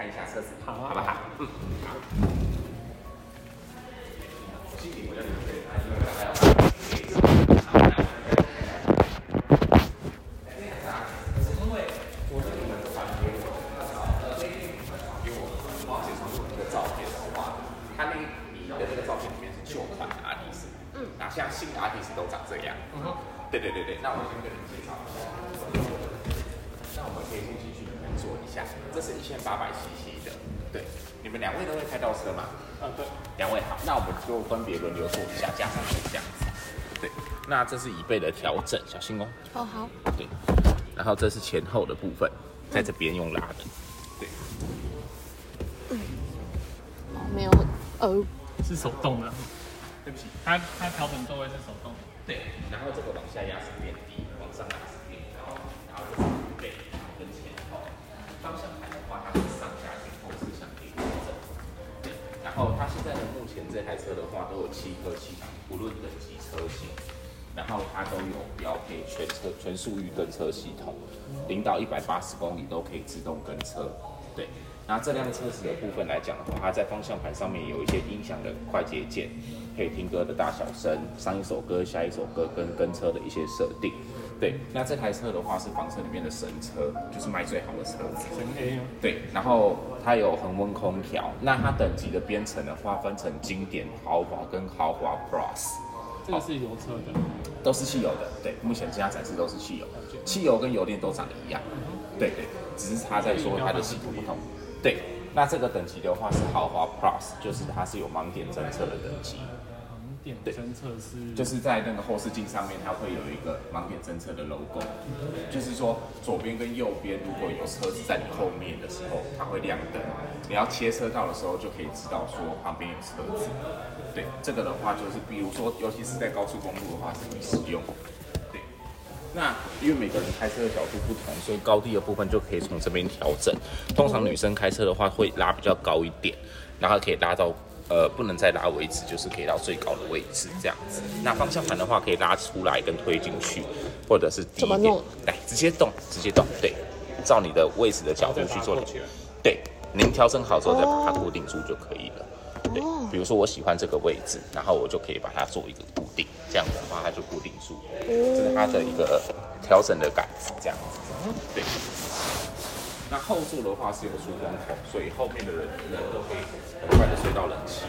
看一下車子，好啊，好不好？嗯。好。就分別輪流做一下，加上去這樣子。對。那這是椅背的調整，小心哦、喔。哦，好。對。然後這是前後的部分，在這邊用拉的，嗯、對、嗯哦。沒有，呃，是手動的。嗯、對不起，它它調整座位是手動的。對。然後這個往下壓十遍。都有標配全車全速域跟車系統，零到一百八十公里都可以自動跟車。對，那這輛車子的部分來講的話，它在方向盤上面有一些音響的快捷鍵，可以聽歌的大小聲、上一首歌、下一首歌跟跟車的一些設定。對，那這台車的話是房車裡面的神車，就是賣最好的車子。對，然後它有恆溫空調，那它等級的編程的話分成經典、豪華跟豪華 Plus。哦、這個是油車的，都是汽油的，對，目前現在展示都是汽油，汽油跟油電都長得一樣，對對，只是它在說它的用途不同，對，那這個等級的話是豪華 Plus，就是它是有盲點偵測的等級。對，測就是在那個後視鏡上面，它會有一個盲點偵測的 logo，就是說左邊跟右邊如果有車子在你後面的時候，它會亮燈。你要切車道的時候，就可以知道說旁邊有車子。對，這個的話就是比如說，尤其是在高速公路的話，是可以使用。對，那因為每個人開車的角度不同，所以高低的部分就可以從這邊調整。通常女生開車的話會拉比較高一點，然後可以拉到。呃，不能再拉為止，就是可以到最高的位置這樣子。那方向盤的話，可以拉出來跟推進去，或者是低一點來直接動，直接動，對，照你的位置的角度去做你。對，您調整好之後再把它固定住就可以了。對，比如說我喜歡這個位置，然後我就可以把它做一個固定，這樣子的話它就固定住。這、就是它的一個調整的桿，這樣子。對。那後座的話是有出風口，所以後面的人人都可以很快的吹到冷氣。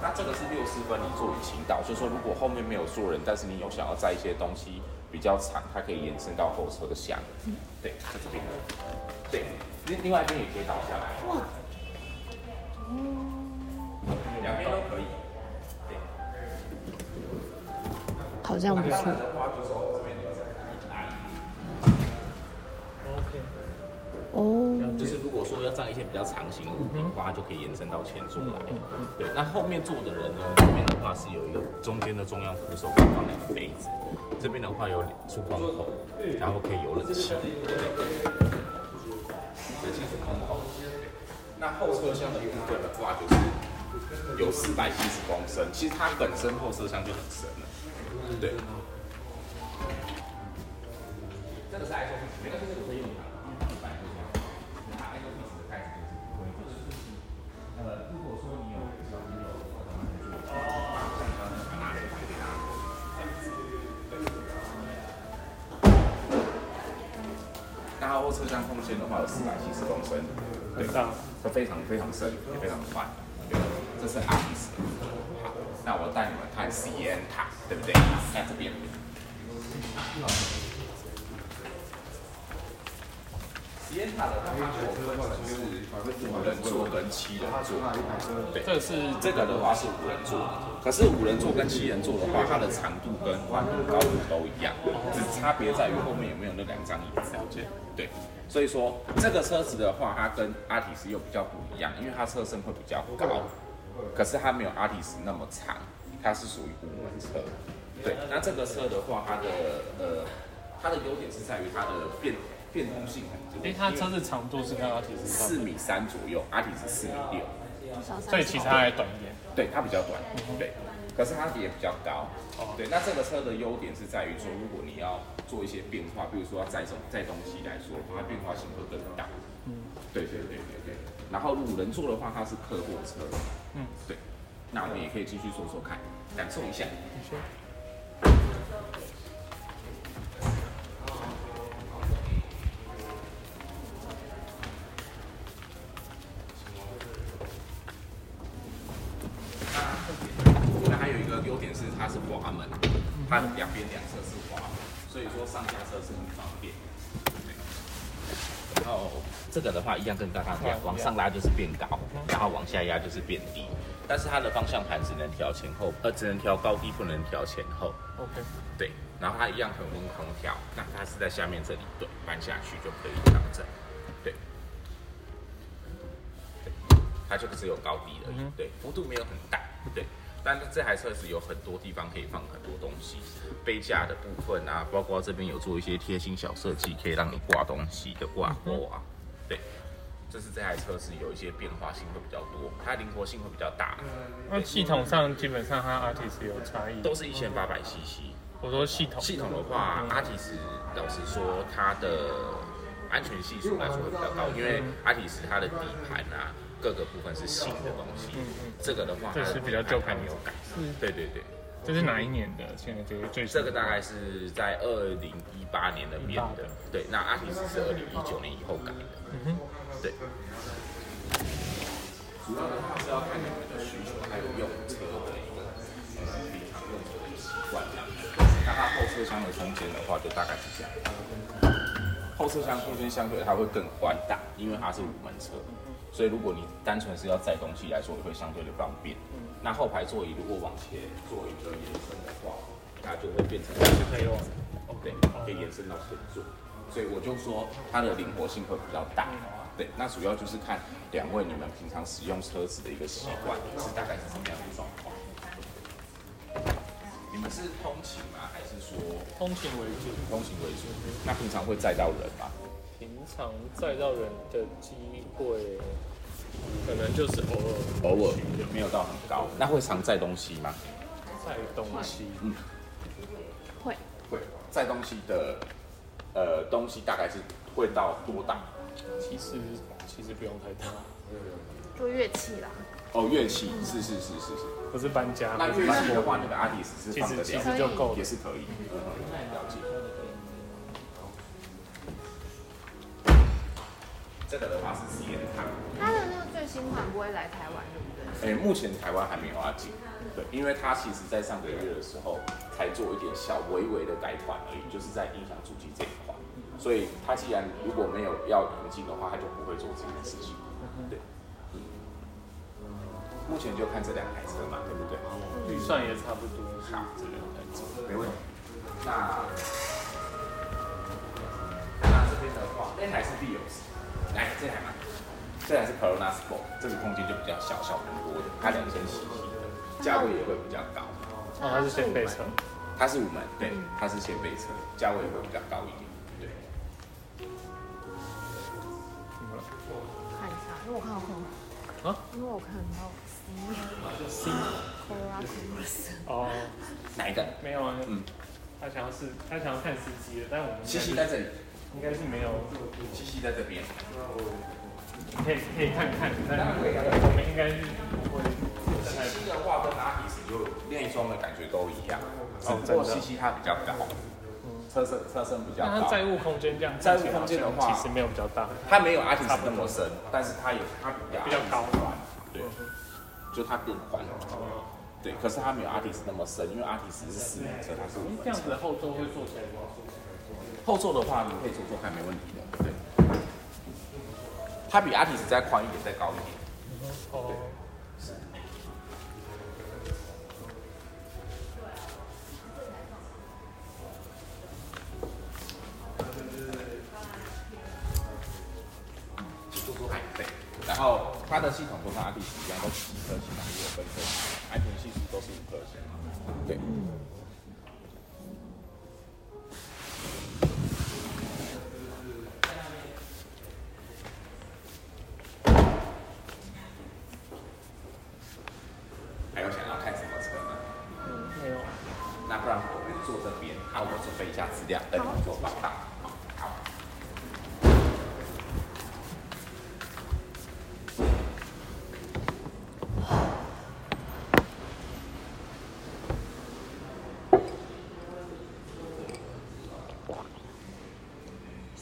那這個是六四分離座椅傾倒，就說如果後面沒有坐人，但是你有想要載一些東西比較長，它可以延伸到後車廂。對，在這邊。對，另另外一邊也可以倒下來。哇，兩邊都可以。對。好像不錯。哦，嗯嗯嗯嗯就是如果說要站一些比較長型的花，就可以延伸到前座來。對，那後面坐的人呢？這邊的話是有一個中間的中央扶手，可以放兩個杯子。這邊的話有出風口，然後可以有冷氣、嗯嗯。七十公升，那後車廂的一部分的話就是有四百七十公升，其實它本身後車廂就很深了。對。這個是 iPhone，每個宿舍都可以用的。百多箱，是那麼如果這樣的拿這空間的話有四百七十公分，對，非常非常深，也非常寬，對。這是阿皮斯，好，那我帶你們看吸煙塔，對不對？看、啊、這邊。啊啊它的旁邊是五人座跟七人座。對，這是這個的，這個的話是五人座，可是五人座跟七人座的話，它的長度跟寬度、高度都一樣，只差別在於後面有沒有那兩張椅子。對，所以說這個車子的話，它跟阿提斯又比較不一樣，因為它車身會比較高，可是它沒有阿提斯那麼長，它是屬於五人車。對，那這個車的話，它的呃，它的優點是在於它的變。變通性很因為、欸、它車的長度是看到阿提四米三左右，阿、啊、提是四米六，所以其實還短一點。對，它比較短，對。可是它也比較高，嗯、對。那這個車的優點是在於說，如果你要做一些變化，比如說要載重、載東西來說，它變化性會更大。嗯，對對對對對。然後五人座的話，它是客貨車。嗯，對。那我們也可以繼續說說看，感受一下。嗯剛剛往上拉就是變高，然後往下壓就是變低。但是它的方向盤只能調前後，而、呃、只能調高低，不能調前後。OK，對。然後它一樣恆溫空調，那它是在下面這裡對，翻下去就可以調整。對，它就只有高低而已。對，幅度沒有很大。對，但是這台車子有很多地方可以放很多東西，杯架的部分啊，包括這邊有做一些貼心小設計，可以讓你掛東西的掛鈎啊，mm hmm. 對。就是這台車是有一些變化性會比較多，它靈活性會比較大、嗯。那系統上基本上它阿提斯有差異，都是一千八百 CC、嗯。我說系統，系統的話，嗯、阿提斯老實說它的安全係數來說會比較高，因為阿提斯它的底盤啊各個部分是新的東西。嗯嗯。嗯嗯，這個的話，這是比較較有改善。嗯是，對對對。這是哪一年的？這個大概是在二零一八年的版的。的對，那阿提斯是二零一九年以後改的。嗯、哼對。主要的話是要看，看你們的需求還有用車的一個平常用車的習慣。那、嗯、它後車廂的空間的話，就大概是這樣。後車廂空間相對它會更寬大，因為它是五門車。嗯嗯所以如果你單純是要載東西來說，也會相對的方便。嗯、那後排座椅如果往前做一個延伸的話，它就會變成對，可以延伸到前座。所以我就說它的靈活性會比較大。對，那主要就是看兩位你們平常使用車子的一個習慣是大概是什麼樣的狀況？你們是通勤嗎？還是說通勤為主？通勤為主。那平常會載到人嗎？平常載到人的機會。可能就是偶爾偶爾，沒有到很高。對那會常載東西嗎？載東西，嗯，對會會載東西的，呃，東西大概是會到多大？其實其實不用太大，對對對，就做樂器啦。哦，樂器是是是是是，是是是是不是搬家。搬樂器的話，那個實阿迪斯是放得下，其實就夠了，也是可以。嗯，嗯，了解。嗯、這個的話是。不會來台灣，對不對？哎、欸，目前台灣還沒有要進，對，因為他其實在上個月的時候才做一點小微微的改款而已，就是在音響主機這一塊，所以他既然如果沒有要引進的話，他就不會做這件事情，對，目前就看這兩台車嘛，對不對？預算也差不多，好，這兩台車沒問題。那那這邊的話，那台是必有，來這台嘛。雖然是 Corolla Sport，這個空間就比較小，小很多的，它兩千 CC，價位也會比較高。哦，它是掀背車，它是五門，對，它是掀背車，價位也會比較高一點，對。了，看一下，因為我看到空，因為我看到 CC，Corolla Sport。哦，哪一個？沒有啊，嗯，他想要試，他想要看司機的，但是我們西西在這裡，應該是沒有，西西在這邊。可以可以看看，那兩我們應該是不會。七七、喔、的話跟阿迪斯就內裝的感覺都一樣，只不過，七七它比較高，車身車身比較高。但它載物空間這樣載物空間的話，其實沒有比較大。它沒有阿迪斯那麼深，但是它有，它比較比較高，較高對，對就它更寬。對，可是它沒有阿迪斯那麼深，因為阿迪斯是四門車，它是。這樣子的後座會坐起來比較舒服嗎？後座的話，你可以坐坐看，沒問題的。對。它比阿迪斯再寬一點，再高一點。Mm hmm. Oh. 對。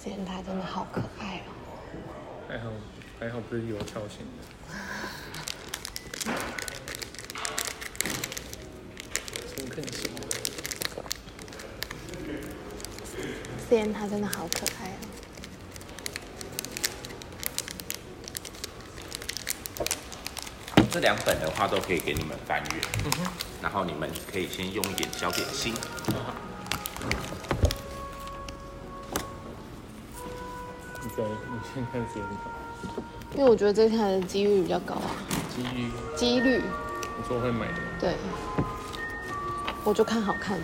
天，它真的好可愛哦、喔！還好，還好不是有挑釁的。先看先，天，它真的好可愛哦、喔！這兩本的話都可以給你們翻閱，嗯、哼然後你們可以先用一點小點心。看看先吧，因為我覺得這台的機率比較高啊，機率，機率，我說會買的，對，我就看好看。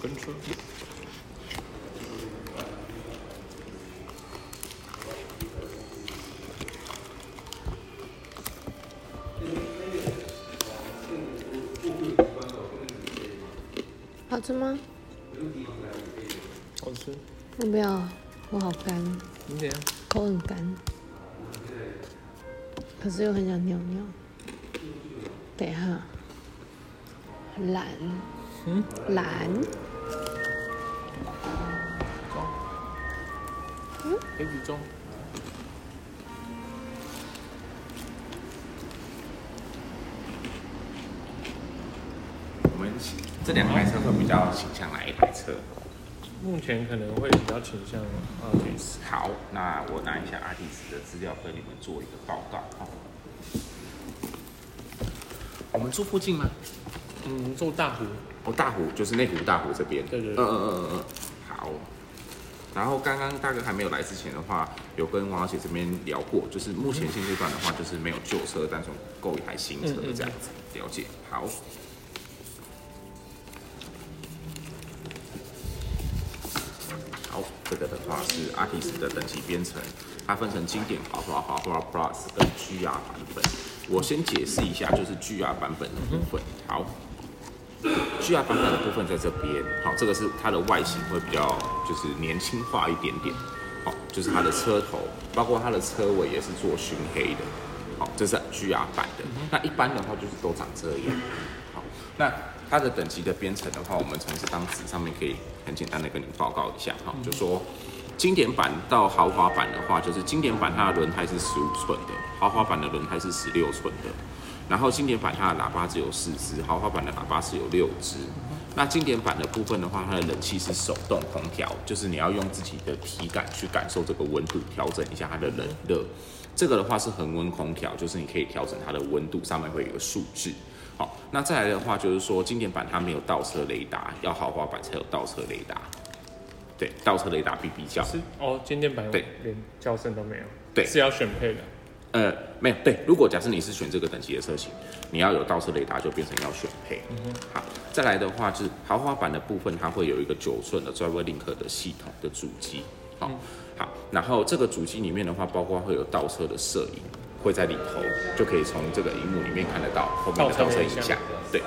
Control. 好吃嗎？好吃。我不要，我好乾。怎麼樣？口很乾，可是又很想尿尿。等一下，很懶。嗯？懶？A 級中，我們這兩台車會比較傾向哪一台車？目前可能會比較傾向，嗯。好，那我拿一下阿迪斯的資料跟你們做一個報告，哦。我們住附近嗎？嗯，住大湖。哦，大湖就是內湖大湖這邊。對對對。嗯嗯嗯嗯嗯。然後剛剛大哥還沒有來之前的話，有跟王小姐這邊聊過，就是目前現階段的話，就是沒有舊車，但從購一台新車這樣子了解好，好，這個的話是阿迪斯的等級編程，它分成經典、豪華、豪華 Plus 跟 GR 版本。我先解釋一下，就是 GR 版本的部分。好。G R 版本的部分在這邊，好，這個是它的外形會比較就是年輕化一點點，好，就是它的車頭，包括它的車尾也是做熏黑的，好，這是 G R 版的，那一般的話就是都長這樣，好，那它的等級的編成的話，我們從這張紙上面可以很簡單的跟你們報告一下，哈，就是、說經典版到豪華版的話，就是經典版它的輪胎是十五寸的，豪華版的輪胎是十六寸的。然後經典版它的喇叭只有四隻，豪華版的喇叭是有六隻。嗯、那經典版的部分的話，它的冷氣是手動空調，就是你要用自己的體感去感受這個溫度，調整一下它的冷熱。這個的話是恆溫空調，就是你可以調整它的溫度，上面會有個數字。好，那再來的話就是說，經典版它沒有倒車雷達，要豪華版才有倒車雷達。對，倒車雷達嗶嗶叫。是哦？經典版對，連叫聲都沒有。對，對，是要選配的。呃，沒有對，如果假設你是選這個等級的車型，你要有倒車雷達就變成要選配。嗯、哼好，再來的話就是豪華版的部分，它會有一個九寸的 DriveLink 的系統的主機。好，嗯、好，然後這個主機裡面的話，包括會有倒車的攝影，會在裡頭，就可以從這個熒幕裡面看得到後面的倒車影像。對，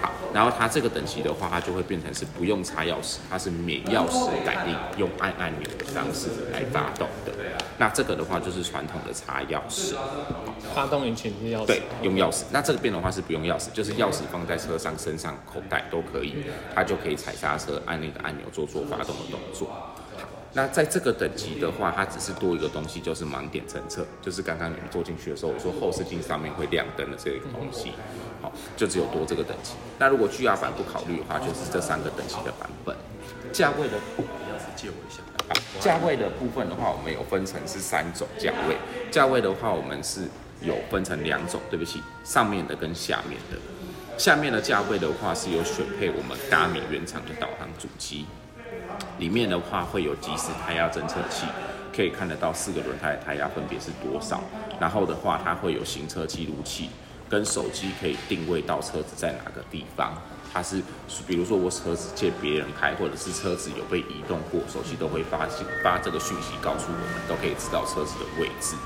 好，然後它這個等級的話，它就會變成是不用插鑰匙，它是免鑰匙的感應，用按按鈕的方式來發動的。那這個的話就是傳統的插鑰匙，發動引擎是鑰匙，對，用鑰匙。那這邊的話是不用鑰匙，就是鑰匙放在車上、身上、口袋都可以，它就可以踩剎車、按那個按鈕做做發動的動作。好，那在這個等級的話，它只是多一個東西，就是盲點偵測，就是剛剛你們坐進去的時候，我說後視鏡上面會亮燈的這個東西。好，就只有多這個等級。那如果 GR 版不考慮的話，就是這三個等級的版本，價位的。鑰匙借我一下。啊，價位的部分的話，我們有分成是三種價位。價位的話，我們是有分成兩種，對不起，上面的跟下面的。下面的價位的話是有選配我們 Garmin 原廠的導航主機，裡面的話會有即時胎壓偵測器，可以看得到四個輪胎的胎壓分別是多少。然後的話，它會有行車記錄器，跟手機可以定位到車子在哪個地方。它是比如說我車子借別人開，或者是車子有被移動過，手機都會發信，發這個訊息告訴我們，都可以知道車子的位置。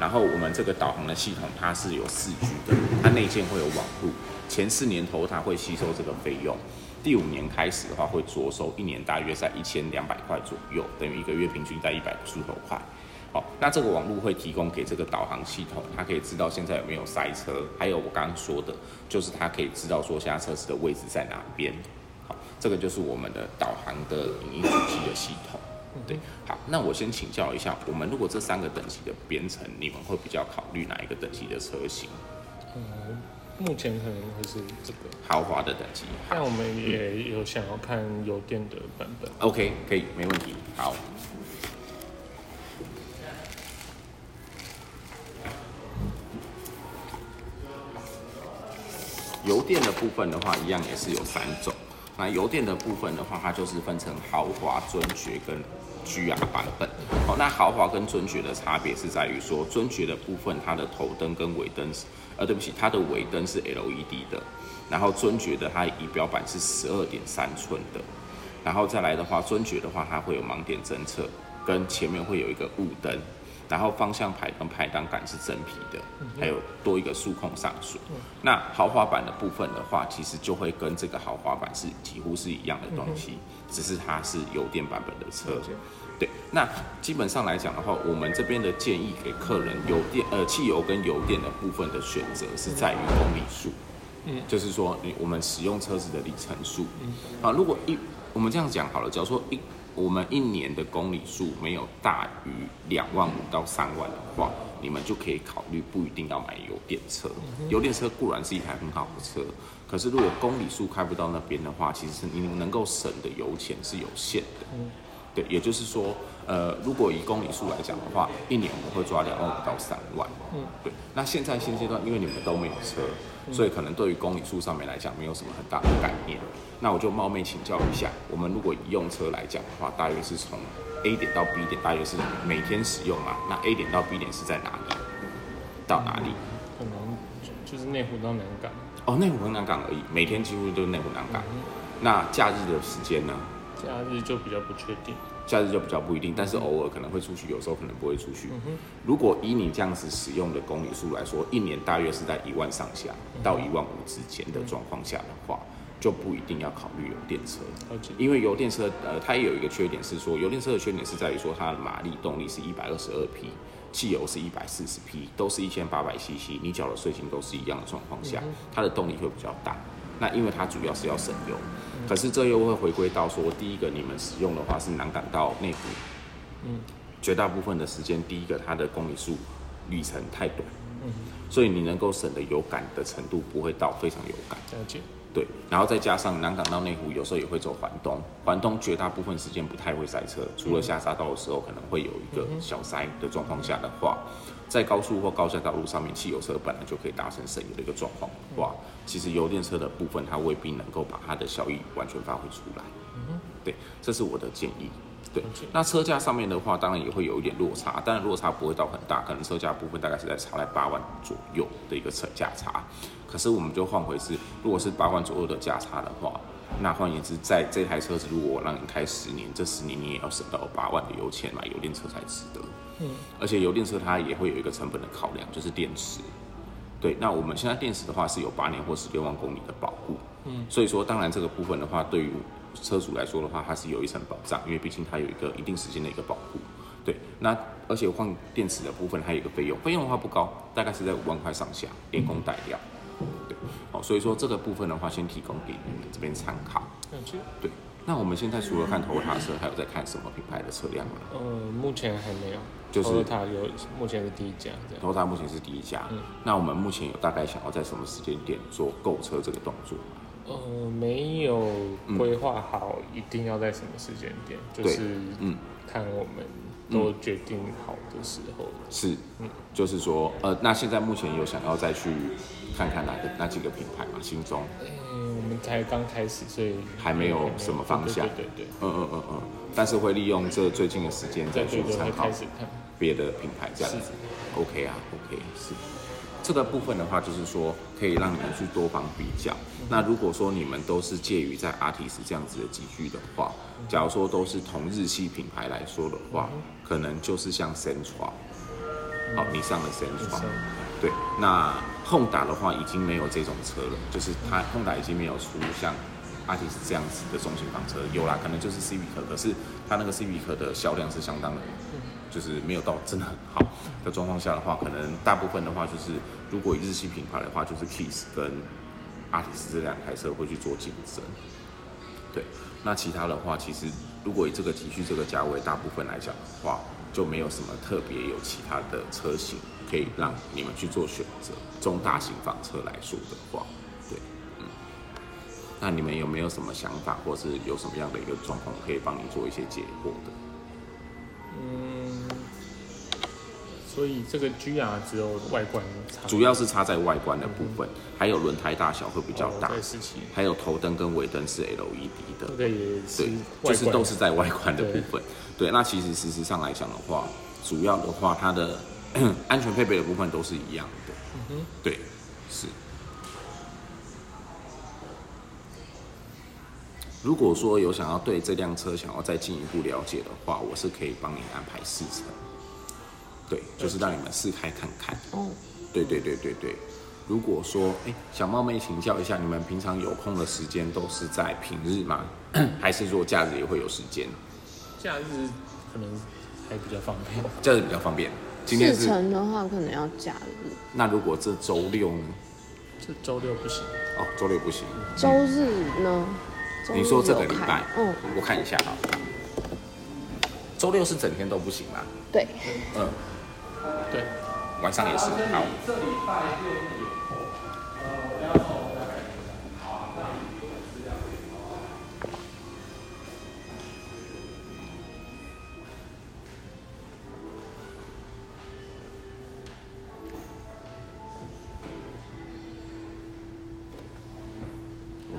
然後我們這個導航的系統，它是有四 G 的，它內建會有網絡。前四年頭它會吸收這個費用，第五年開始的話會酌收一年大約在一千兩百塊左右，等於一個月平均在一百出頭塊。好，那這個網絡會提供給這個導航系統，它可以知道現在有沒有塞車，還有我剛剛說的，就是它可以知道說現在車子的位置在哪邊。好，這個就是我們的導航的影音主機的系統。對，好，那我先請教一下，我們如果這三個等級的編程，你們會比較考慮哪一個等級的車型？嗯，目前可能會是這個豪華的等級。那我們也有想要看油電的版本。嗯。OK，可以，沒問題。好。油電的部分的話，一樣也是有三種。那油電的部分的話，它就是分成豪華、尊爵跟 G R 版本。好，哦，那豪華跟尊爵的差別是在於說，尊爵的部分它的頭燈跟尾燈是，呃，對不起，它的尾燈是 L E D 的。然後尊爵的它儀表板是十二點三寸的。然後再來的話，尊爵的話它會有盲點偵測，跟前面會有一個霧燈。然後方向盤跟排檔桿是真皮的，還有多一個速控上鎖。那豪華版的部分的話，其實就會跟這個豪華版是幾乎是一樣的東西，只是它是油電版本的車。對，那基本上來講的話，我們這邊的建議給客人油電呃，汽油跟油電的部分的選擇是在於公里數，嗯，就是說你，我們使用車子的里程數。啊，如果一，我們這樣講好了，假如說一。我們一年的公里數沒有大於兩萬五到三萬的話，你們就可以考慮不一定要買油電車。油電車固然是一台很好的車，可是如果公里數開不到那邊的話，其實你能夠省的油錢是有限的。對，也就是說，呃，如果以公里數來講的話，一年不會我們會抓兩萬五到三萬。對。那現在現階段，因為你們都沒有車，所以可能對於公里數上面來講，沒有什麼很大的概念。那我就冒昧請教一下，我們如果以用車來講的話，大約是從 A 點到 B 點，大約是每天使用啊。那 A 點到 B 點是在哪裡？到哪裡？可能就是內湖到南港。哦，內湖跟南港而已，每天幾乎都是內湖南港。嗯、哼那假日的時間呢？假日就比較不確定。假日就比較不一定，但是偶爾可能會出去，有時候可能不會出去。嗯、哼如果以你這樣子使用的公里數來說，一年大約是在一萬上下到一萬五之間的狀況下的話。嗯就不一定要考慮油電車，Okay. 因為油電車呃，它也有一個缺點，是說油電車的缺點是在於說它的馬力動力是一百二十二匹，汽油是一百四十匹，都是一千八百 cc，你繳的稅金都是一樣的狀況下，它的動力會比較大。那因為它主要是要省油，可是這又會回歸到說，第一個你們使用的話是南港到內湖，嗯，絕大部分的時間，第一個它的公里數里程太短，嗯，所以你能夠省的油感的程度不會到非常油感，了解。對，然後再加上南港到內湖，有時候也會走環東。環東絕大部分時間不太會塞車，除了下匝道的時候、嗯、可能會有一個小塞的狀況下的話，嗯、在高速或高架道路上面，汽油車本來就可以達成省油的一個狀況話，嗯、其實油電車的部分，它未必能夠把它的效益完全發揮出來。嗯哼對，這是我的建議。對，嗯、哼那車價上面的話，當然也會有一點落差，但是落差不會到很大，可能車價部分大概是在差在八萬左右的一個車價差。可是我們就換回是，如果是八萬左右的價差的話，那換言之，在這台車子如果我讓你開十年，這十年你也要省到八萬的油錢買油電車才值得。嗯，而且油電車它也會有一個成本的考量，就是電池。對，那我們現在電池的話是有八年或十六萬公里的保護。嗯，所以說當然這個部分的話，對於車主來說的話，它是有一層保障，因為畢竟它有一個一定時間的一個保護。對，那而且換電池的部分還有一個費用，費用的話不高，大概是在五萬塊上下，連工帶料。嗯對，所以說這個部分的話，先提供給你們這邊參考。感謝。對，那我們現在除了看 Toyota 車，還有在看什麼品牌的車輛嗎？呃，目前還沒有。就是 Toyota 有，目前是第一家。Toyota 目前是第一家。嗯，那我們目前有大概想要在什麼時間點做購車這個動作？呃，沒有規劃好，一定要在什麼時間點？嗯，就是，嗯，看我們。都決定好的時候了、嗯、是，就是說，呃，那現在目前有想要再去看看哪個那幾個品牌嗎？心中、嗯，我們才剛開始，所以沒還沒有什麼方向，對對對，對，嗯嗯嗯嗯，但是會利用這最近的時間再去參考別的品牌，這樣子，是，OK 啊，OK 是。這個部分的話，就是說可以讓你們去多方比較。那如果說你們都是介於在阿提斯這樣子的級距的話，假如說都是同日系品牌來說的話，可能就是像 Sentra，好，你上了 Sentra，對，那 Honda 的話已經沒有這種車了，就是它 Honda 已經沒有出像。阿提斯這樣子的中型房車有啦，可能就是 Civic，可是它那個 Civic 的銷量是相當的，是就是沒有到真的很好的狀況下的話，可能大部分的話就是如果以日系品牌的話，就是 Kiss 跟阿提斯這兩台車會去做競爭。對，那其他的話，其實如果以這個地區這個價位，大部分來講的話，就沒有什麼特別有其他的車型可以讓你們去做選擇。中大型房車來說的話。那你們有沒有什麼想法或是有什麼樣的一個狀況可以幫你做一些解惑的？嗯，所以這個 GR 只有外觀，主要是差在外觀的部分，還有輪胎大小會比較大，還有頭燈跟尾燈是 LED 的，對，就是都是在外觀的部分。對，那其實事實上來講的話，主要的話，它的安全配備的部分都是一樣的。對，是。如果說有想要對這輛車想要再進一步了解的話，我是可以幫你安排試乘，對，就是讓你們試開看看。哦、嗯，對對對對，對如果說，哎、欸，想冒昧請教一下，你們平常有空的時間都是在平日嗎？嗯、還是說假日也會有時間？假日可能還比較方便。欸、假日比較方便。今天試乘的話，可能要假日。那如果這周六呢？這周六不行。哦，周六不行。周日呢？嗯你說這個禮拜，嗯，我看一下哈，啊。週六是整天都不行嗎？對，嗯，對，晚上也是，好。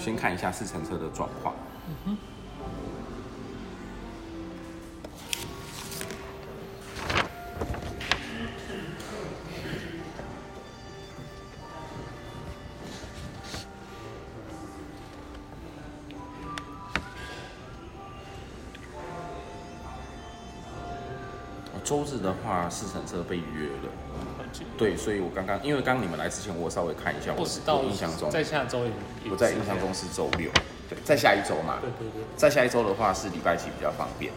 先看一下試乘車的狀況。嗯哼。週日的話，試乘車被預約了。對，所以我剛剛因為剛剛你們來之前，我稍微看一下，我印象中，在下周，我在印象中是周六，對，在下一周嘛，對對對，在下一周的話是禮拜幾比較方便？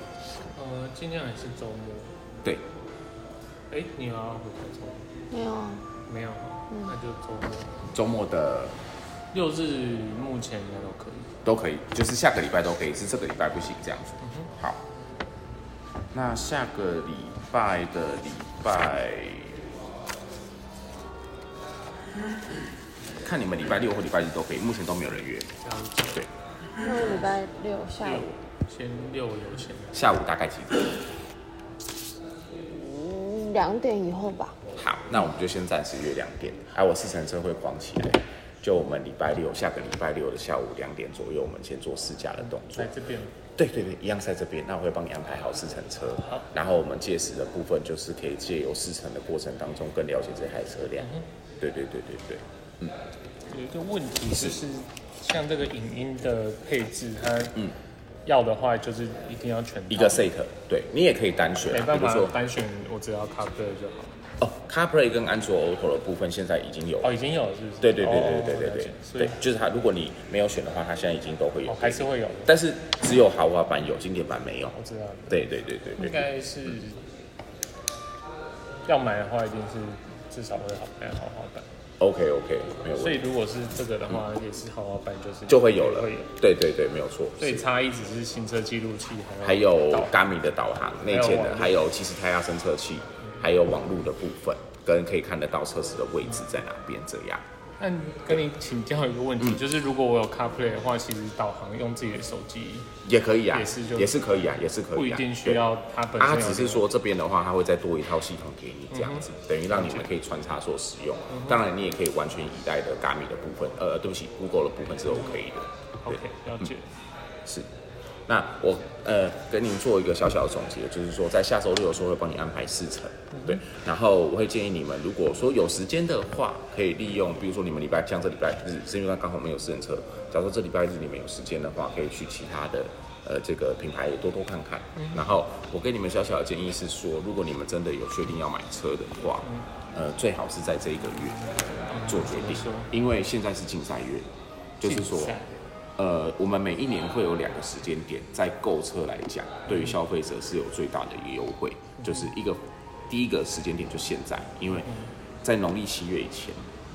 呃，今天還是周末。對。哎，你要回周末？沒有，沒有，那就周末。周末的六日目前應該都可以，都可以，就是下個禮拜都可以，是這個禮拜不行這樣子。嗯哼，好。那下個禮拜的禮拜。嗯、看你們禮拜六或禮拜日都可以，目前都沒有人約。對。那我禮拜六下午。先六有先。下午大概幾點？嗯、兩點以後吧。好，那我們就先暫時約兩點。還有我試乘車會廣起來，就我們禮拜六下個禮拜六的下午兩點左右，我們先做試駕的動作。在這邊。對對對，一樣在這邊。那我會幫你安排好試乘車。好。然後我們屆時的部分，就是可以借由試乘的過程當中，更了解這台車輛。對對對對對，嗯，有一個問題就是，像這個影音的配置，它嗯，要的話就是一定要全一個 set，對你也可以單選，沒辦法單選，我只要 CarPlay 就好。哦，CarPlay 跟安卓 Auto 的部分現在已經有，哦，已經有，是不是？對對對對對對對，對，就是它，如果你沒有選的話，它現在已經都會有，還是會有，但是只有豪華版有，經典版沒有，我知道，對對對對對，應該是要買的話一定是。至少會好拍，來好好辦。OK OK，沒有問題。所以如果是這個的話，嗯、也是好好辦，就是就會有了。會對對對，沒有錯。所以差異只是行車記錄器，還有是還有，Garmin 的導航內建的，還有，還有其實胎壓偵測器，嗯、還有網路的部分，跟可以看得到車子的位置在哪邊這、嗯、樣。那跟你請教一個問題，對就是如果我有 CarPlay 的話，嗯、其實導航用自己的手機也可以啊，也是，也可以啊，也是可以、啊，不一定需要它本身。它、啊、只是說這邊的話，它會再多一套系統給你這樣子，嗯、哼等於讓你們可以穿插所使用。嗯、哼當然，你也可以完全依賴的 Garmin 的部分，呃，對不起，Google 的部分是 OK 的。OK，了解，嗯、是。那我呃給你們做一個小小的總結，就是說在下周六的時候會幫你安排試乘，對。然後我會建議你們，如果說有時間的話，可以利用，比如說你們禮拜像這禮拜日，是因為剛好沒有試乘車。假如說這禮拜日你們有時間的話，可以去其他的呃這個品牌也多多看看。然後我給你們小小的建議是說，如果你們真的有確定要買車的話，呃最好是在這一個月做決定，因為現在是競賽月，就是說。呃，我們每一年會有兩個時間點，在購車來講，對於消費者是有最大的一個優惠，就是一個第一個時間點就現在，因為在農曆七月以前，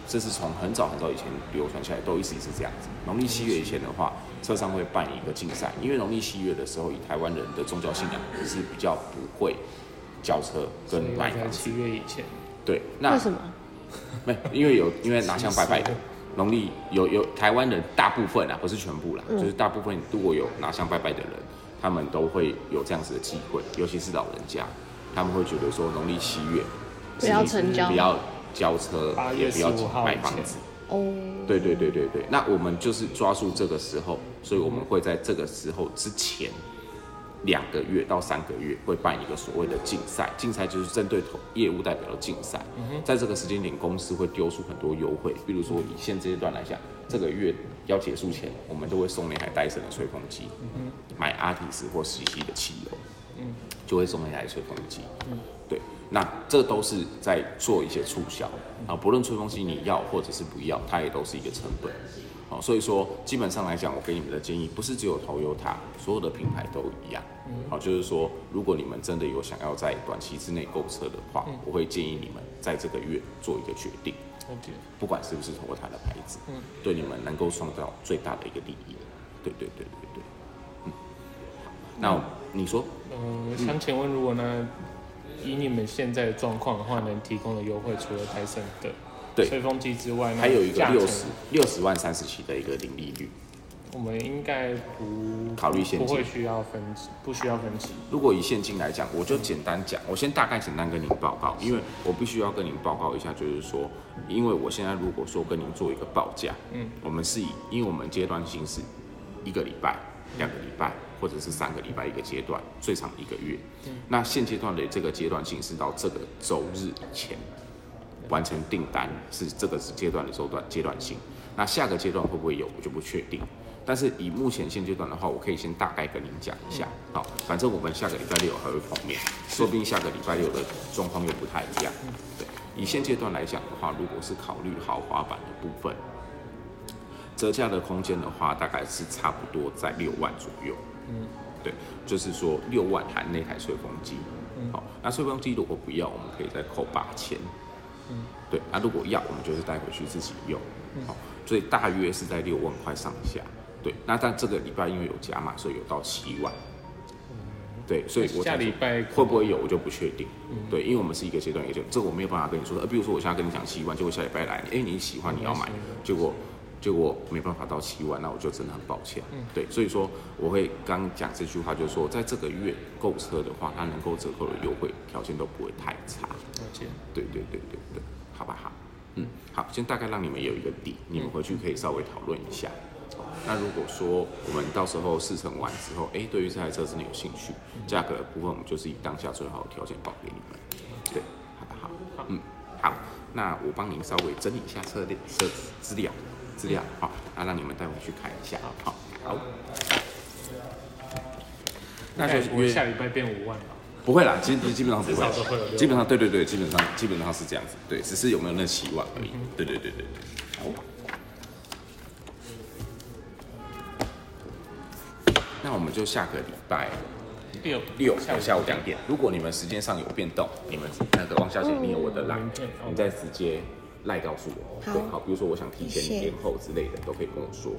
這是從很早很早以前流傳下來，都一直是這樣子。農曆七月以前的話，車商會辦一個競賽，因為農曆七月的時候，以台灣人的宗教信仰，是比較不會交車跟買車。在七月以前，對，那為什麼？沒，因為有，因為拿香拜拜的。農曆有有台灣人大部分啊，不是全部啦，嗯、就是大部分，如果有拿香拜拜的人，他們都會有這樣子的機會，尤其是老人家，他們會覺得說農曆七月不要成交，不要交車，也不要買房子。哦，對對對對對，那我們就是抓住這個時候，所以我們會在這個時候之前。嗯嗯兩個月到三個月會辦一個所謂的競賽，競賽就是針對業務代表的競賽。在這個時間點，公司會丟出很多優惠，比如說以現這一段來講，這個月要結束前，我們都會送你一台戴森的吹風機，買 Altis 或西西的汽油，就會送你一台吹風機。對，那這都是在做一些促銷啊，不論吹風機你要或者是不要，它也都是一個成本。所以說基本上來講，我給你們的建議不是只有 Toyota，所有的品牌都一樣。好、嗯，就是說，如果你們真的有想要在短期之內購車的話，嗯、我會建議你們在這個月做一個決定。嗯、不管是不是 Toyota 的牌子，嗯、對你們能夠創造最大的一個利益。對對對對對。嗯。好，那嗯，你說？呃、嗯，想請問，如果呢，以你們現在的狀況的話，能提供的優惠除了泰森的？對，吹風機之外，還有一個六十六十萬三十七的一個零利率。我們應該不考慮現金，不需要分期，不需要分期。如果以現金來講，我就簡單講，嗯、我先大概簡單跟您報告，因為我必須要跟您報告一下，就是說，因為我現在如果說跟您做一個報價，嗯，我們是以，因為我們階段性是一個禮拜、嗯、兩個禮拜，或者是三個禮拜一個階段，最長一個月。嗯、那現階段的這個階段性是到這個週日前。完成訂單，是這個是階段的階段階段性，那下個階段會不會有我就不確定。但是以目前現階段的話，我可以先大概跟您講一下，好、嗯，反正我們下個禮拜六還會碰面，說不定下個禮拜六的狀況又不太一樣。嗯、對，以現階段來講的話，如果是考慮豪華版的部分，折價的空間的話，大概是差不多在六萬左右。嗯，對，就是說六萬含那台吹風機。好、嗯，那吹風機如果不要，我們可以再扣八千。對，那、啊、如果要，我們就是帶回去自己用，好、嗯哦，所以大約是在六萬塊上下。對，那但這個禮拜因為有加碼，所以有到七萬。嗯、對，所以我下禮拜會不會有，我就不確定。對，因為我們是一個階段一個階段，這個我沒有辦法跟你說的。比如說我現在跟你講七萬，結果下禮拜來，哎，你喜歡你要買，嗯、結果。就我沒辦法到七萬，那我就真的很抱歉。嗯，對，所以說我會剛講這句話，就是說在這個月購車的話，它能夠折扣的優惠條件都不會太差。對、嗯、對對對對，好不好？嗯，好，先大概讓你們有一個底，你們回去可以稍微討論一下。那如果說我們到時候試乘完之後，誒、欸，對於這台車真的有興趣，價格的部分我們就是以當下最好的條件報給你們。對，好不好？嗯，好，那我幫您稍微整理一下車的車資料。資料啊，那你們帶會去看一下啊。好，好，那就我下禮拜變五萬了。不會啦，其實基本上不會，基本上對對對，基本上基本上是這樣子，對，只是有沒有那七萬而已。對對對對對。哦。那我們就下個禮拜六六下午兩點。如果你們時間上有變動，你們那個王小姐你有我的 l i 你再直接。賴告訴我，好對，好，比如說我想提前、延後之類的，謝謝都可以跟我說。